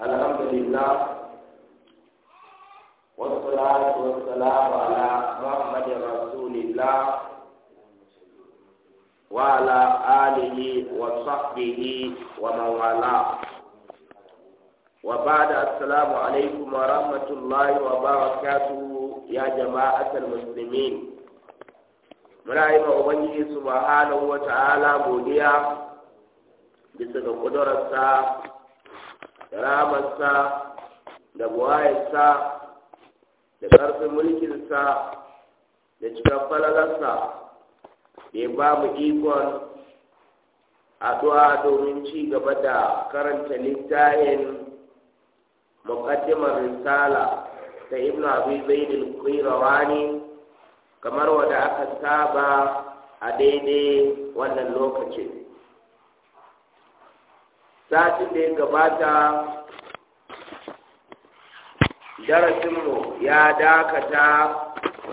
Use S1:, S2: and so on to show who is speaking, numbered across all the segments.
S1: الحمد لله والصلاة والسلام على محمد رسول الله وعلى آله وصحبه ومن والاه وبعد السلام عليكم ورحمة الله وبركاته يا جماعة المسلمين muna yi ma Ubangiji subhanahu wa ta'ala godiya bisa ga ƙudurarsa da da buwayarsa da ƙarfin mulkinsa da cikin falalarsa da ba mu ikon addu'a domin ci gaba da karanta littafin muƙaddimar risala ta ibnu abu zaid kwirawani kamar wanda aka saba a daidai wannan lokacin satin da ya gabata darasinmu ya dakata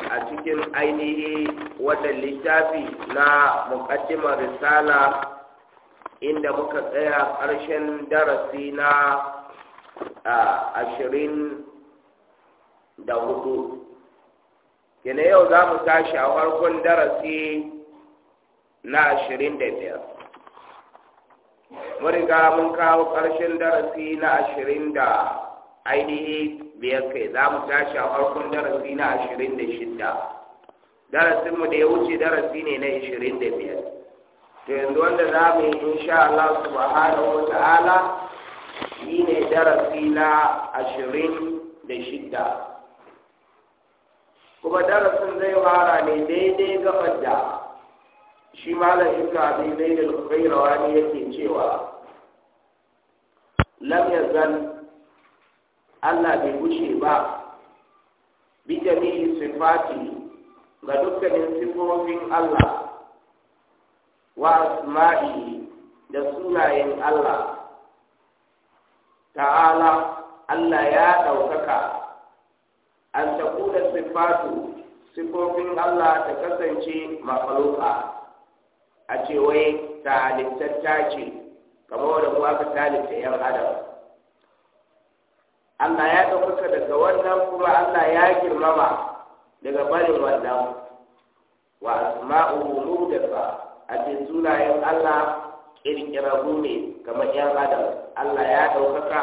S1: a cikin ainihi wannan littafi na muƙaddimar risala inda muka tsaya ƙarshen darasi na ashirin da hudu kina yau za mu tashi a farkon darasi na ashirin da biyar riga mun kawo ƙarshen darasi na ashirin da ainihi biyar kai za mu tashi a farkon darasi na ashirin da shida, darasinmu da ya wuce darasi ne na ashirin da biyar to yanzu wanda za mu yi insha Allah subhanahu wa ta'ala shi ne darasi na ashirin da shida. kuma darasin zai fara ne daidai gabar da shi malam ibn da kai rawa ne yake cewa lam zan Allah bai gushe ba bi su sifati ga dukkanin sifofin Allah wa asma'i da sunayen Allah ta'ala Allah ya ɗaukaka an taƙuda sifatu sifofin Allah ta kasance makhluqa a ce wai ta ce kamar wadda kuma aka talitta yan adam Allah ya ɗaukaka daga wannan kuma Allah ya girmama daga barin wannan wa asma'uhu muhdatha a ce sunayen Allah kirkirarru ne kamar yan adam Allah ya ɗaukaka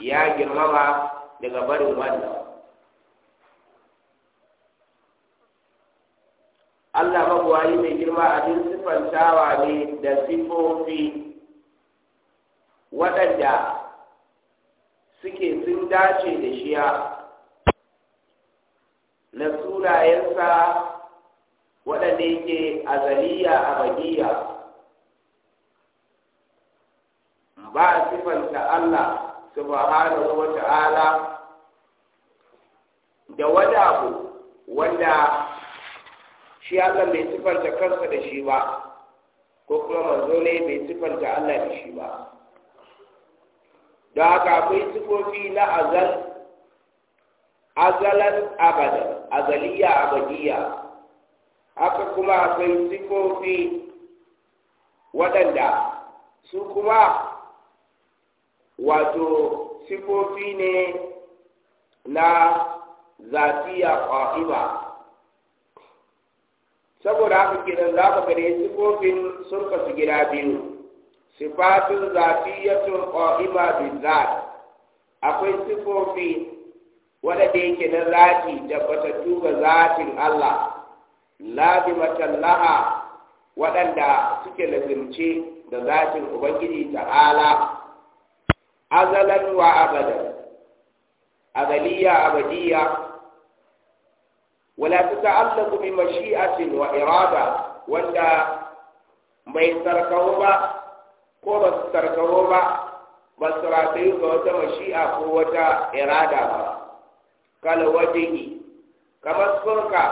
S1: ya girmama daga barin wannan Allah mabuwayi mai girma a duk siffantawa ne da sifofi waɗanda suke sun dace da shiya na sunayensa waɗanda yake azaliya a bagiya ba a siffanta Allah subhanahu wa ta'ala da wani wanda shi Allah bai sifanta kansa da shi ba ko kuma manzo ne bai sifanta Allah da shi ba da haka akwai sifofi na azal azalan abada azaliya abadiya haka kuma akwai sifofi waɗanda su kuma wato sifofi ne na zafiya ƙwa'iba saboda haka kenan za ka gare sifofin sun su gida biyu sifatun ya qa'ima bil zat akwai sifofi wanda yake na da bata ga zafin Allah lazimatan laha waɗanda suke lazimce da zafin Ubangiji ta'ala azalan wa abadan azaliya abadiya wala tata'allaqu bi mashi'atin wa irada wanda bai sarkawo ba ko ba su ba ba su ratayu ga wata mashi'a ko wata irada ba kalwajihi kamar surka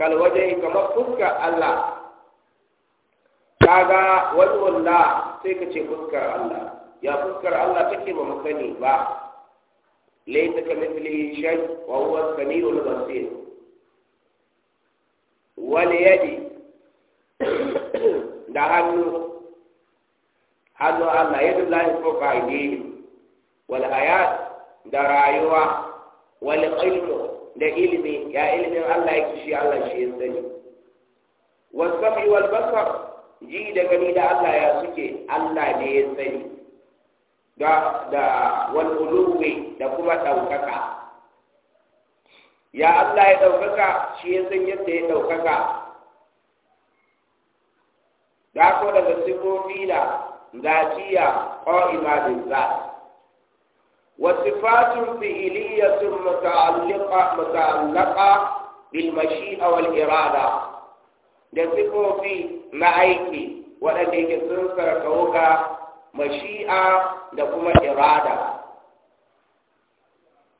S1: kalwajihi kamar fuskar Allah kaga wanda sai ka ce fuskar Allah ya fuskar Allah take ba mu sani ba ليس كمثله شيء وهو السميع البصير واليد da hannu hannu Allah yadda za ya so ƙage wal da rayuwa wal ilmu da ilimi ya ilimin Allah yake shi Allah shi ya sani wasabi wal da gani da Allah ya suke Allah ne ya da da wal da kuma ɗaukaka ya Allah ya ɗaukaka shi ya san yadda ya ɗaukaka da ko daga sifofi da zatiya qa'ima bil zat وصفات فعلية متعلقة متعلقة بالمشيئة irada da sifofi na aiki waɗanda yake sun sarkauka mashi'a da kuma irada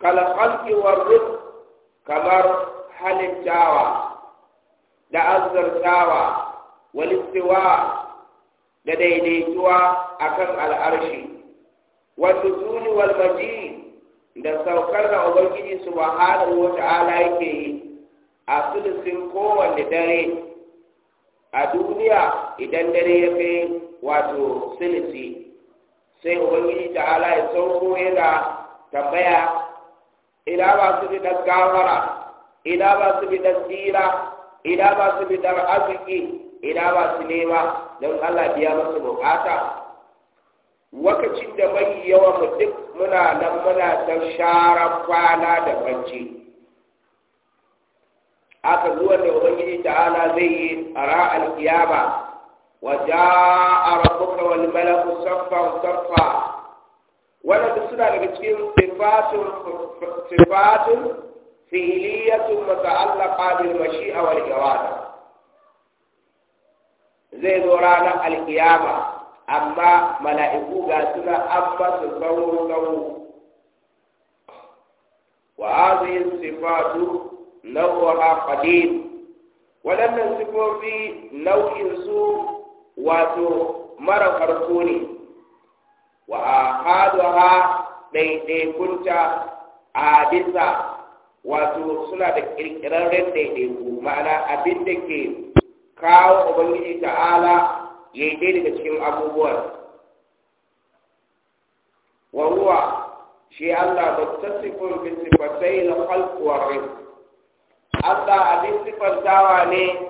S1: wa ruh kamar halin halittawa da wal istiwa da daidaituwa akan al'arshi wasu wal walmaji da saukar da ubangiji subhanahu wa ta'ala yake yi a sulusin kowanne dare a duniya idan dare ya kai wato sulusi sai ubangiji ala ya sauko yana tambaya ila ba su bi dan gawara ila ba su bi dan tsira ila ba su bi dan arziki ila ba su nema don Allah biya masu bukata wakacin da mai yawa mu duk muna nan muna ta shara kwana da bacci aka zuwa da ubangiji ta'ala zai yi a ra'al kiyama wa ja'a rabbuka wal saffan sarfa wala duk suna daga cikin sifatun sifatun fi'liyatun mata'allaqa bil mashi'a wal irada zai zo ranar alkiyama amma mala'iku ga suna an basu sauro sauro wa hadhihi sifatu nau'uha qadim waɗannan sifofi nau'in su wato mara farko ne wa ahaduha ɗaiɗaikunta a bisa wato suna da ƙirƙirarren ɗaiɗaiku ma'ana abin da ke kawo ubangiji ta'ala ya yi daga cikin abubuwan waruwa huwa shi Allah muttasifun bi sai na khalq wa rizq Allah abin sifantawa ne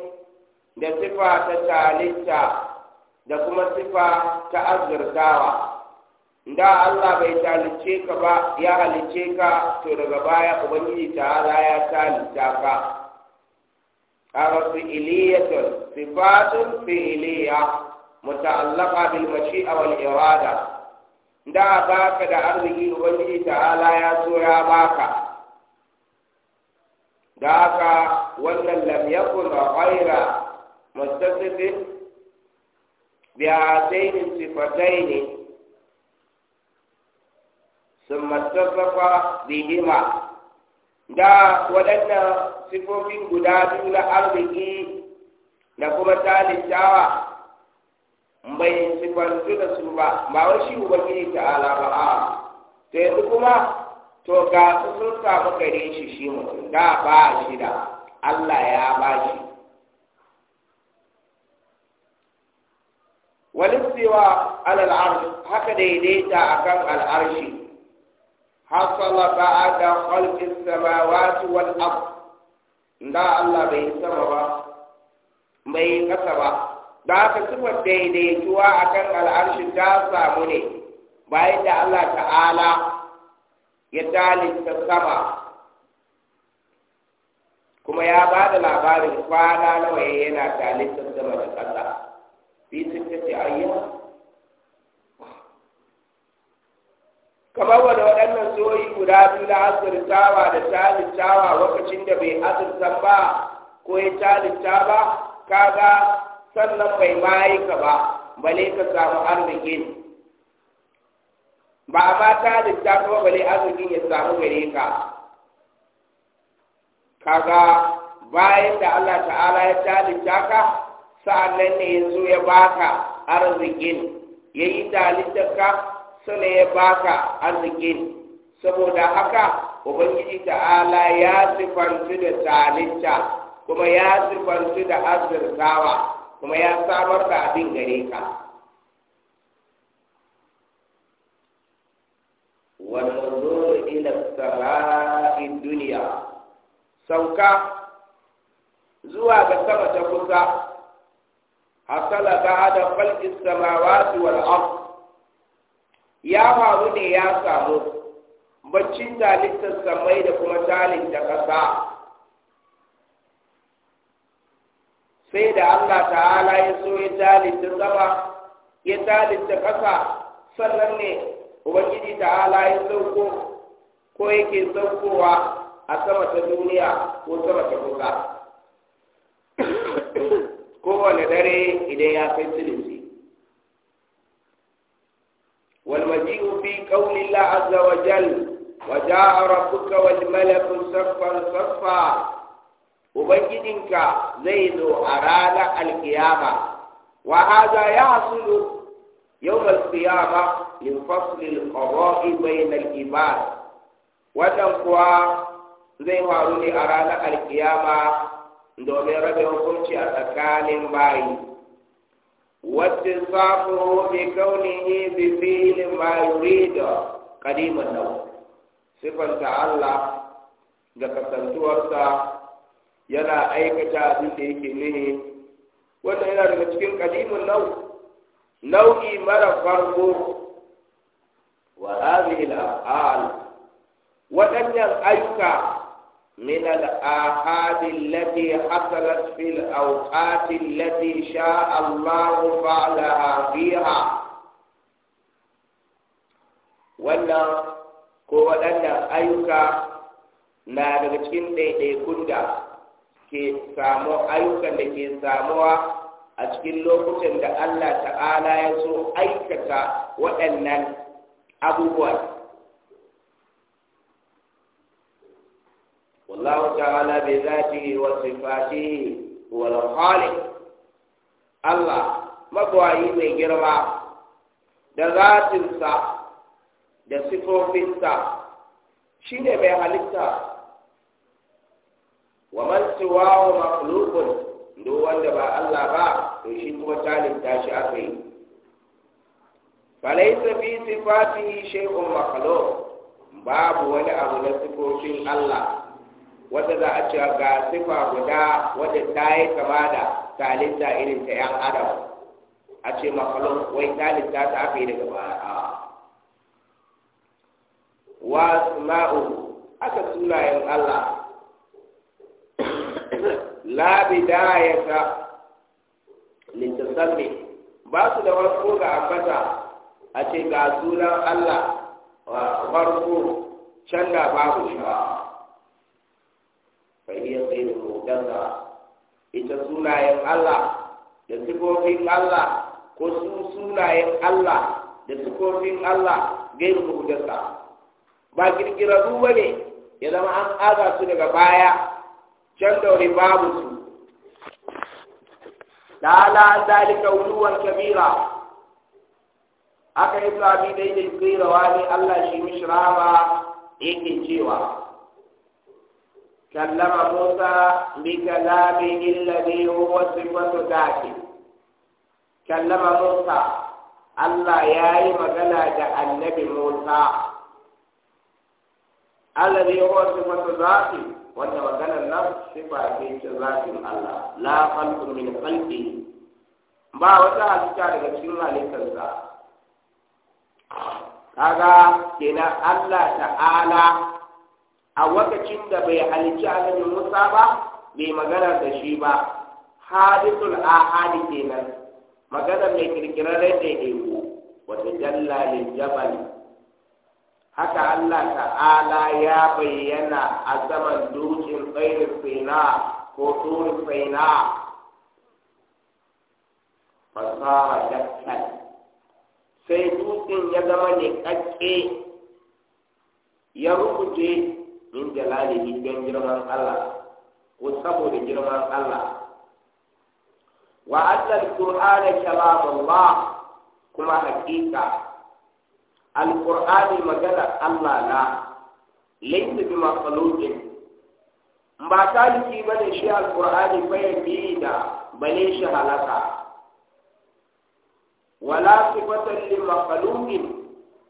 S1: da sifa ta talitta da kuma sifa ta azurtawa da Allah bai talice ka ba ya halice ka to daga baya ubangiji ta'ala ya talita ka kaga fi'iliyatun sifatun iliya muta'allaqa bil mashi'a wal irada da baka da arziki ubangiji ta'ala ya so ya baka da ka wannan lam yakun ghaira mustasifin bi sifatayn ثم اتصف بهما da waɗannan sifofin guda biyu na da kuma talittawa bai sifantu da su ba ba wai shi ubangiji ta ala a to yanzu kuma to ga samu gare shi shi mutum da ba shi da Allah ya bashi. shi walistewa alal arsh haka daidaita akan al'arshi ba a da حصل بعد خلق السماوات abu. da Allah bai sama ba bai yi kasa ba Ba da aka sifar daidaituwa akan al'arshin ta samu ne bayan da Allah ta'ala ya dalilta sama kuma ya ba da labarin kwana nawa yana dalilta sama da kasa fi sun ce ayyuka kamar da waɗannan soyi guda biyu na azurtawa da talittawa lokacin da bai azurta ba ko ya talitta ba kaga sannan bai ma'aika ba bale ka samu arzikin ba a ma talitta kuma bale arzikin ya samu gare ka kaga bayan da Allah ta'ala ya talitta ka nan ne yanzu ya baka arzikin yayi talittar ka su ya baka arziki saboda haka ubangiji ta'ala ya sifantu da talitta kuma ya sifantu da azurtawa kuma ya samar da abin gare ka والنظور sauka zuwa ga sama ta kusa hasala ba hada falƙi samawa wal ardh ya faru ne ya samu baccin talittar samai da kuma da ƙasa sai da Allah ta'ala ya so ya talitta sama ya talitta ƙasa sannan ne ubangiji ta'ala ya sauko ko yake saukowa a sama ta duniya ko sama ta kuka kowane dare idan ya kai silisi والوجيء في قول الله عز وجل وجاء ربك والملك صفا صفا ubangijinka zai zo a ranar alkiyama wa ya hasulu yau alkiyama min faslil qada'i bainal wannan kuwa zai faru ne a ranar alƙiyama domin rabe hukunci a tsakanin bayi واتصافه بكونه بفعل ما يريد fi النوم صفة الله da kasantuwarsa yana aikata abin da yake nihi wannan yana daga cikin na nau nau'i mara farko wa hadhihi waɗannan ayyuka من الآحاد التي حصلت في الأوقات التي شاء الله فعلها فيها ولا كوانا أيوكا na daga cikin ɗaiɗaikun da ke samu ayyukan da ke samuwa a cikin lokutan da Allah ta'ala ya so aikata waɗannan abubuwan والله تعالى بذاته وصفاته هو الخالق الله مبوعي من جرما da zatinsa da sifofinsa shi ne mai halitta wa man siwahu makhluqun duk wanda ba Allah ba to shi kuma talinta shi aka yi sa fi sifatihi shay'un makhluq babu wani abu na sifofin Allah wadda za a ce ga sifa guda wadda ta yi kama da talinta irin ta ‘yan adam a ce makalon wai talinta ta aka yi daga baya wa ma'u aka sunayen Allah ta bidayata litasammi ba su da farko ga ambata a ce ga sunan Allah farko can da babu shawa mukaddara ita sunayen Allah da sifofin Allah ko su sunayen Allah da sifofin Allah gairu mukaddara ba kirkirarru ba ne ya zama an aza su daga baya can wani babu su Da ala zalika wuluwar kabira aka yi sabi daidai tsirawa ne Allah shi mishrama yake cewa كلم موسى بكلامه الذي هو صفة ذاته كلم موسى الله ياي مغنى النبي موسى الذي هو صفة ذاته wanda maganar nan sifa ce ta zafin Allah la khalqu min khalqi ba wata halitta daga cikin halittarsa kaga kenan Allah ta'ala a lokacin da bai halicci annabi Musa ba bai magana da shi ba hadithul ahadi kenan magana mai kirkirarren wa wata jalla lil jabal haka Allah ta'ala ya bayyana a zaman dutsen tsairin sina ko turin sina fasara dakkan sai dutsen ya zama ne kakke ya rubuce min jalalihi don girman Allah ko saboda girman Allah wa anna alqur'ana kalamullah kuma hakika alqur'ani magana Allah na laysa bi makhluqin ba taliki bane shi alqur'ani bai da bale shi halaka wala sifatan li makhluqin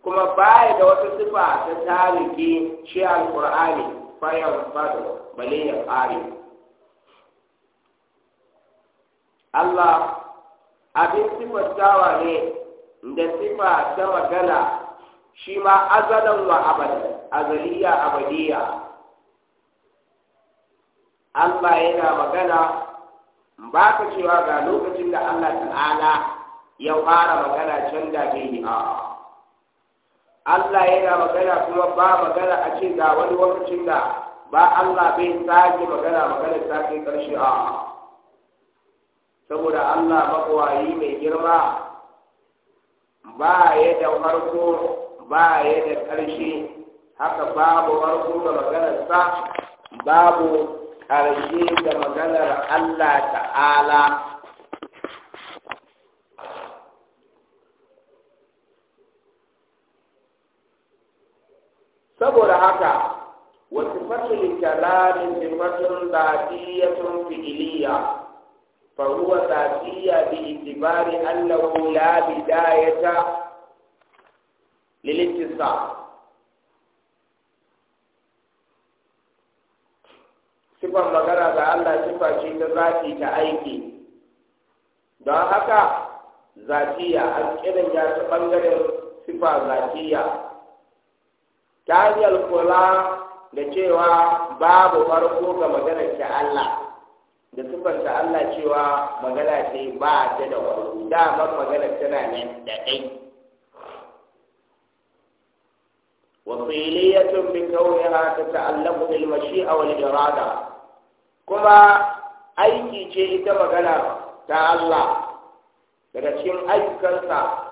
S1: kuma baya da wata sifa ta tariki shi alkur'ani fayan fadu bale ya Allah abin tawa ne da sifa ta magana shi ma azalan wa abadi azaliya abadiya Allah yana magana ba ka cewa ga lokacin da Allah ta'ala ya fara magana can da yi Allah yana magana kuma ba magana a ce ga wani lokacin da ba Allah bai sake magana magana ta kai karshe a saboda Allah makwayi mai girma ba ya da farko ba ya da ƙarshe haka babu farko da sa babu ƙarshe da maganar Allah ta'ala saboda haka wasu fasul ya sifatun fi fi'iliya faruwa huwa ya bi itibari Allah annahu la bidayata lilittisa sifan magana da Allah sifa ce ta zati ta aiki don haka zatiya alƙirin ya ta ɓangaren sifa zatiya ta kola da cewa babu farko ga maganar ta Allah da sufanta Allah cewa magana ce ba ta da wani damar magana tana nan da ɗai wasiliyatun bi kauniha ta ta'allaqu bil mashi'a wal irada kuma aiki ce ita magana ta Allah daga cikin ayyukansa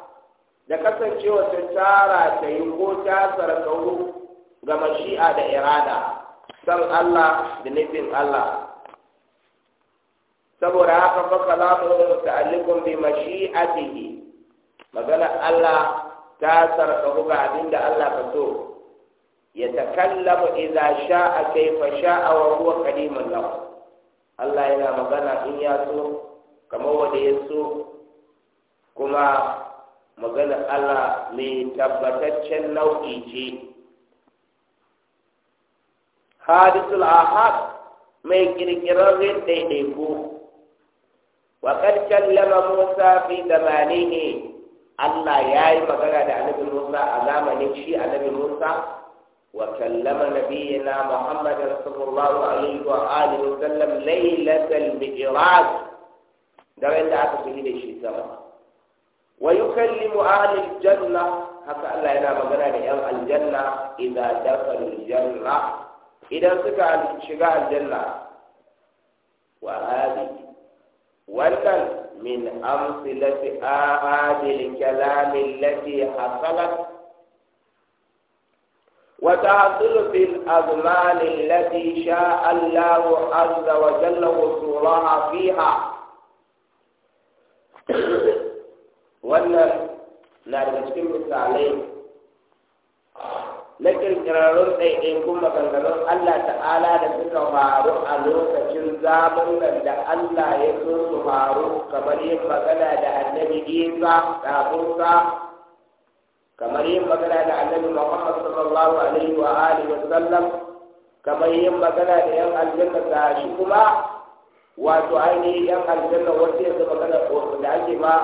S1: da kasancewa ta tara ta yi ko ta sarkau ga mashi'a da irada san Allah da nufin Allah saboda haka fa kalamu muta'alliqun bi mashi'atihi magana Allah ta sarkau ga abinda Allah ka so ya takallamu idza sha'a kayfa sha'a wa huwa qadimun law Allah yana magana in ya so kamar wanda ya so kuma magana Allah mai tabbataccen nau'i ce hadisul ahad mai ƙirƙirar rin daidaiku Lama kallama musa fi zamani ne Allah ya yi magana da annabi musa a zamanin shi annabi musa wa kallama nabiyyina na sallallahu alaihi wa alihi wa sallam lailatul mi'raj da aka fi da shi sama ويكلم أهل الجنة حتى لا ينام جنة إلى الجنة إذا دخل الجنة إذا سكع شجع الجنة وهذه وكان من أمثلة آهاد الكلام التي حصلت وتحصل في الأزمان التي شاء الله عز وجل وصولها فيها wannan na da cikin misalai na kirkirarrun ɗaiɗaikun maganganun Allah ta'ala da suka faru a lokacin zamanin da Allah ya so su faru kamar yin magana da annabi Isa kafinsa kamar yin magana da annabi Muhammad sallallahu alaihi wa alihi wa sallam kamar yin magana da yan aljanna ta shi kuma wato ainihin yan aljanna wasu yanzu magana da ake ba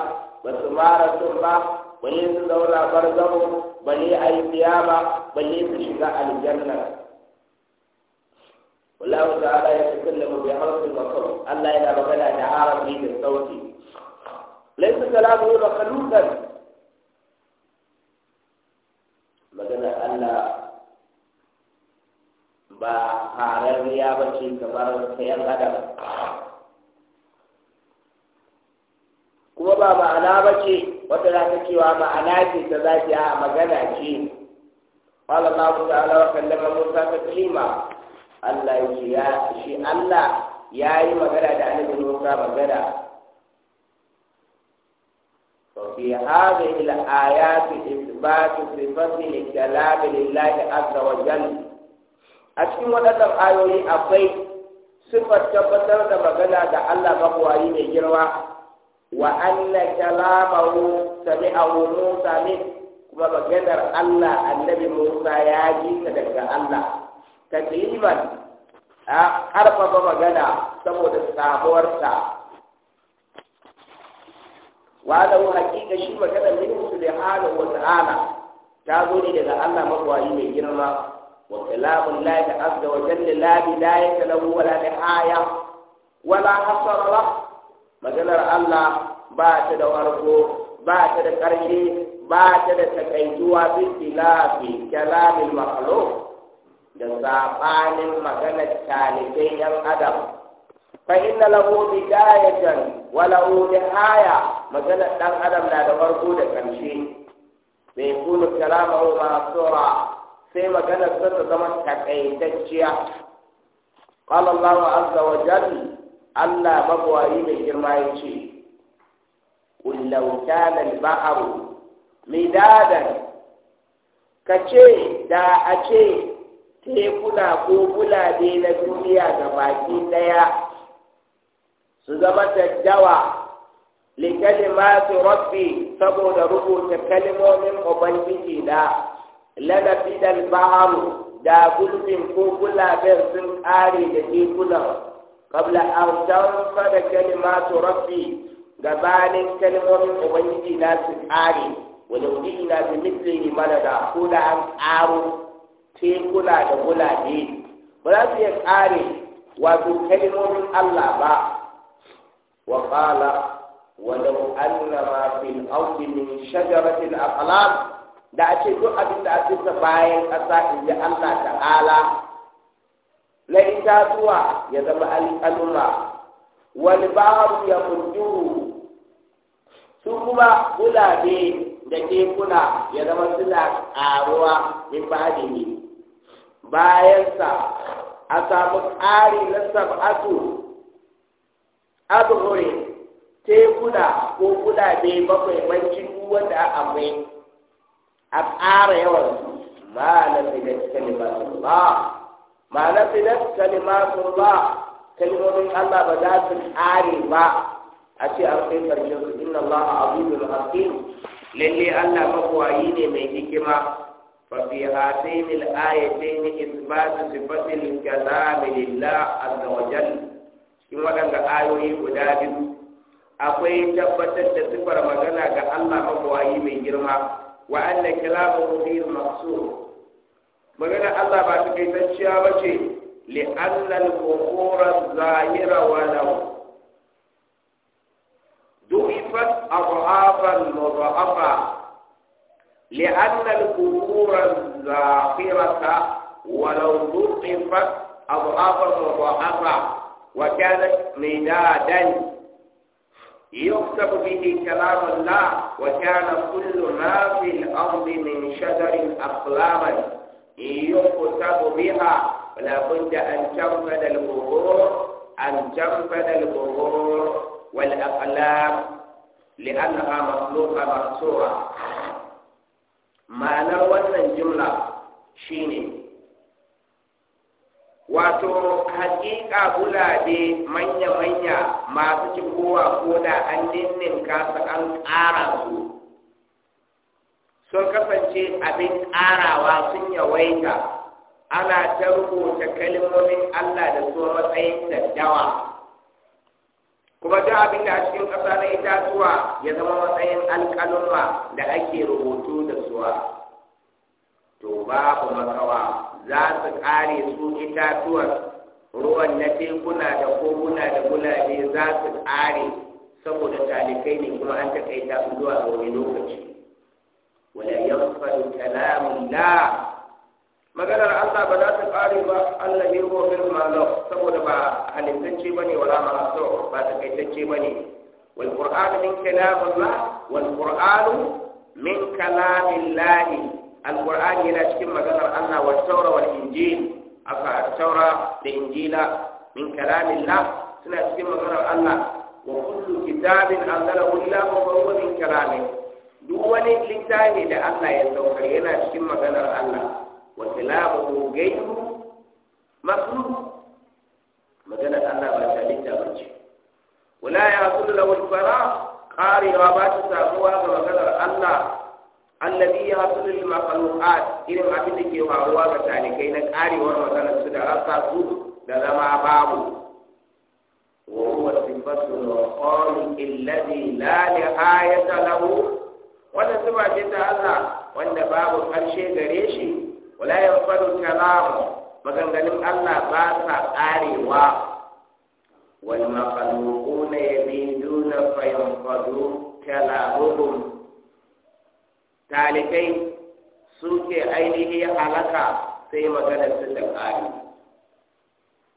S1: ba su mara sun ba ba balle su zauna barzaho balle a yi ba, tiyama balle su shiga aljanna wallahu ta'ala ya tukallamu bi harfin maqam Allah yana magana da harafi da sauti laysa kalamuhu makhluqan magana Allah ba harariya ba ce kamar sayan adam kuma ba ma'ana ba ce wata za ta cewa ma'ana ce ta za ta a magana ce wala ma ku ta'ala wa kallama musa ta kima allah yake ya shi allah ya yi magana da annabi musa magana to fi hada ila ayati isbatu sifati kalam lillahi azza wa jalla a cikin wadannan ayoyi akwai sifar tabbatar da magana da allah mabuwayi mai girma wa anna kalamahu sami'ahu Musa min kuma maganar Allah annabi Musa ya ji ta daga Allah takriban a karfafa magana saboda ta. wa da hakika shi maganar min subhanahu wa ta'ala ta gode ne daga Allah magwayi mai girma wa kalamun lahi azza wa jalla la bidayata lahu wala nihaya wala hasara maganar Allah ba ta da wargo ba ta da ƙarshe ba ta da takaituwa fi khilafi kalamin da sabanin maganar talibai yan adam fa inna lahu bidayatan wa lahu nihaya maganar dan adam na da farko da ƙarshe bai kunu kalamahu sura sai maganar sa ta zama takaitacciya qala Allahu azza wa jalla Allah magwayi mai girma ya ce kullauta na ba'aru midadan ka ce da a ce tekuna ko gulabe na duniya ga baki ɗaya su zama daddawa masu rabbi saboda rubuta kalmomin ubangiji na lanafidal ba'aru da gulbin ko gulaben sun ƙare da tekunan da an tanfada kalimatu rabbi gabanin kalmomin ubangiji na su ƙare wani wuri na su misli mana da ko da an ƙaro tekuna da gulabe ba za su iya ƙare wato kalmomin Allah ba wa qala walau anna ma fil ardi min shajaratin aqlam da a ce duk abin da a cikin bayan ƙasa da ji Allah ta'ala na itatuwa ya zama alƙaluma wani bahru ya kunjuru su kuma gulabe da kekuna ya zama suna ƙaruwa min ba'dihi bayan Bayansa, a samu ƙari na sab'atu abhure tekuna ko gulabe bakwai banci wanda a a ƙara yawan ma na fi da cikin libasin ba fi fidat kalimatun ba kalmomin Allah ba za su ƙare ba a ce an kai karshen su inna Allah azizul lalle Allah magwayi ne mai hikima ففي هاتين الآيتين إثبات صفة الكلام لله عز وجل in waɗanda ayoyi guda biyu akwai tabbatar da sifar magana ga Allah mabawayi mai girma wa anna kalamu fi masu. magana Allah ba ta kaitacciya ba ce li'annal kufura zahira wa law du'ifat adhafan mudha'afa li'annal kufura zahirata wa law du'ifat adhafan mudha'afa wa kanat midadan يكتب به كلام الله وكان كل ما في الأرض من شجر أقلاما يكتب بها ولا بد أن تنفذ القبور أن تنفذ القبور والأقلام لأنها مخلوقة مقصورة ma'anar wannan jimla shine wato hakika gulabe manya-manya masu cikowa ko da an ninninka su an ƙara su sun kasance abin ƙarawa sun yawaita ana ta rubuta kalmomin Allah da su matsayin daddawa kuma duk abin da a cikin ƙasa na itatuwa ya zama matsayin alƙalumma da ake rubutu da suwa to babu makawa za su ƙare su itatuwan ruwan na tekuna da koguna da gulaje za su ƙare saboda talikai ne kuma an taƙaita zuwa zuwa wani lokaci wala yanfa'u kalamun la maganar Allah ba za ta ƙare ba Allah ne ko bil malo saboda ba halittacce bane wala maso ba ta kaitacce bane wal qur'anu min kalamillah wal qur'anu min kalamillah al qur'ani yana cikin maganar Allah wa tawra wal injil aka tawra da injila min kalamillah suna cikin maganar Allah wa kitabin anzalahu illahu fa min duk wani littafi da Allah ya saukar yana cikin maganar Allah wa tilabu gairu makhluq maganar Allah ba ta littafi ce wala ya kullu lahu al-fara wa ba ta sabuwa ga maganar Allah alladhi yahsulu lil makhluqat irin abin da ke faruwa ga talikai na karewar maganar su da rasa su da zama babu وهو صفة الخالق الذي لا نهاية له wannan ba shi ta Allah wanda babu ƙarshe gare shi wala faru kalamu maganganun Allah ba sa ƙarewa wal makhluquna yabiduna fa yanqadu kalamuhum Talikai suke ainihi halaka sai maganar su ta ƙare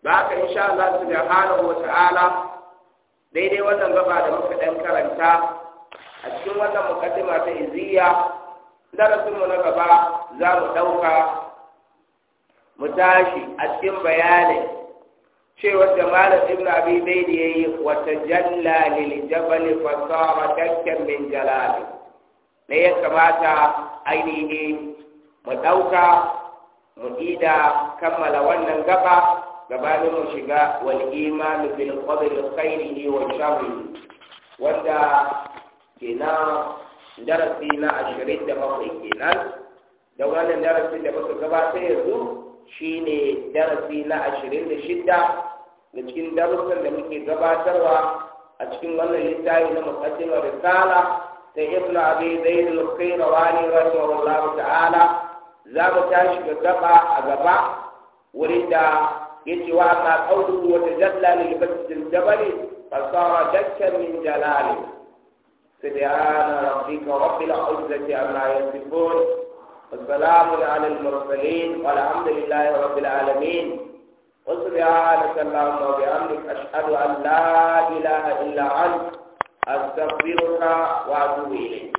S1: ba ka insha Allah subhanahu wa ta'ala daidai wannan gaba da muka dan karanta a cikin wannan mukaddima ta iziya darasinmu na gaba za mu ɗauka mu tashi a cikin bayanin cewa da malam ibn abi zaidi yayi wa tajalla lil jabal fa sara dakkan min jalali ne ya kamata ainihi mu ɗauka mu ida kammala wannan gaba gabanin mu shiga wal imanu bil qadri khairihi wa sharrihi wanda kenan darasi na ashirin da bakwai kenan da wannan darasi da muka gabata yanzu shine darasi na ashirin da shidda da cikin darussan da muke gabatarwa a cikin wannan littafi na mukaddimar risala ta ibnu abi zaid al-qayrawani rahimahullahu ta'ala za mu tashi ga gaba a gaba wurin da yace wa amma qawluhu wa tajalla lil masjidil jabali fasara dakkan min jalali سبحان ربك رب العزة عما يصفون والسلام على المرسلين والحمد لله رب العالمين وسبحانك اللهم وبحمدك أشهد أن لا إله إلا أنت أستغفرك وأتوب إليك